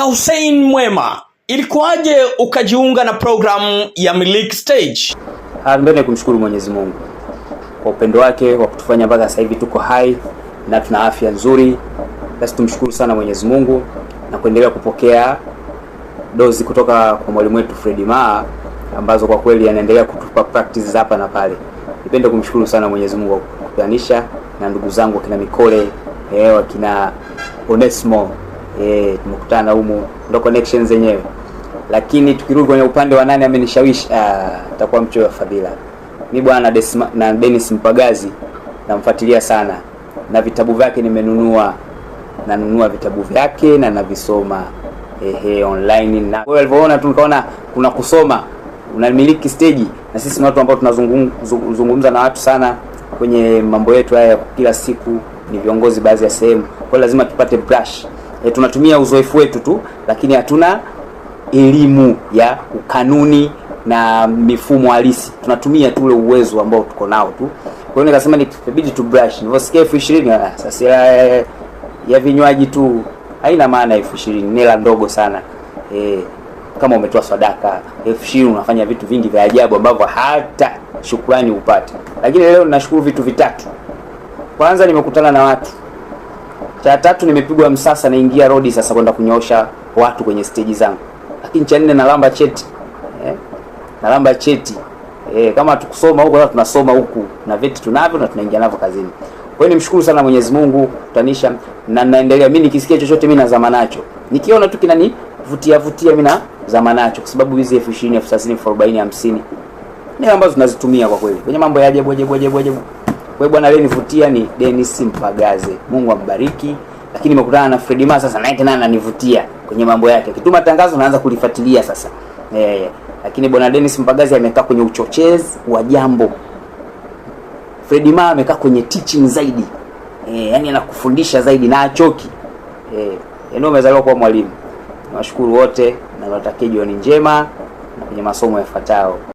Kaka Hussein Mwema, ilikuwaje ukajiunga na programu ya Miliki Stage? Ah, mbele ya kumshukuru Mwenyezi Mungu kwa upendo wake wa kutufanya mpaka sasa hivi tuko hai na tuna afya nzuri, basi tumshukuru sana Mwenyezi Mungu na kuendelea kupokea dozi kutoka kwa mwalimu wetu Fredi ma ambazo kwa kweli anaendelea kutupa practice hapa na pale. Nipende kumshukuru sana Mwenyezi Mungu kwa kukutanisha na ndugu zangu kina Mikole, eh, wakina Onesmo eh, tumekutana humo ndo connection zenyewe. Lakini tukirudi kwenye upande wa nani amenishawishi, ah, atakuwa mchoyo wa fadhila. Mimi bwana na Dennis Mpagazi namfuatilia sana na vitabu vyake nimenunua, nanunua vitabu vyake na navisoma ehe, online na wewe alivyoona tu nikaona kuna kusoma, unamiliki stage, na sisi ni watu ambao tunazungumza na watu sana kwenye mambo yetu haya kila siku, ni viongozi baadhi ya sehemu, kwa lazima tupate brush e, tunatumia uzoefu wetu tu, lakini hatuna elimu ya kanuni na mifumo halisi, tunatumia tu ule uwezo ambao tuko nao tu. Kwa hiyo nikasema nitabidi tu brush. Nilivyosikia elfu ishirini ah, sasa ya, eh, ya vinywaji tu haina maana, elfu ishirini nela ndogo sana e, kama umetoa sadaka elfu ishirini unafanya vitu vingi vya ajabu ambavyo hata shukrani upate Lakini leo ninashukuru vitu vitatu. Kwanza nimekutana na watu cha tatu nimepigwa msasa, naingia rodi sasa kwenda kunyoosha watu kwenye stage zangu. Lakini cha nne nalamba cheti eh, nalamba cheti eh, kama tukusoma huko tunasoma huku na veti tunavyo na tunaingia navyo kazini. Kwa hiyo nimshukuru sana Mwenyezi Mungu kutanisha na naendelea mimi, nikisikia chochote mimi nazama nacho, nikiona tu kinanivutia vutia mimi nazama nacho, kwa sababu hizi elfu ishirini elfu thelathini elfu arobaini hamsini ndio ambazo tunazitumia kwa kweli kwenye mambo ya ajabu ajabu ajabu ajabu. Kwa hiyo bwana, aliyenivutia ni Dennis Mpagaze, Mungu ambariki. Lakini nimekutana na Fred Ma sasa, naye tena ananivutia kwenye mambo yake, kituma tangazo naanza kulifuatilia sasa eh, lakini bwana Dennis Mpagaze amekaa kwenye uchochezi wa jambo, Fred Ma amekaa kwenye teaching zaidi eh, yani anakufundisha zaidi na achoki eh, eneo umezaliwa kwa mwalimu. Nawashukuru wote na nawatakia jioni njema na kwenye masomo yafuatayo.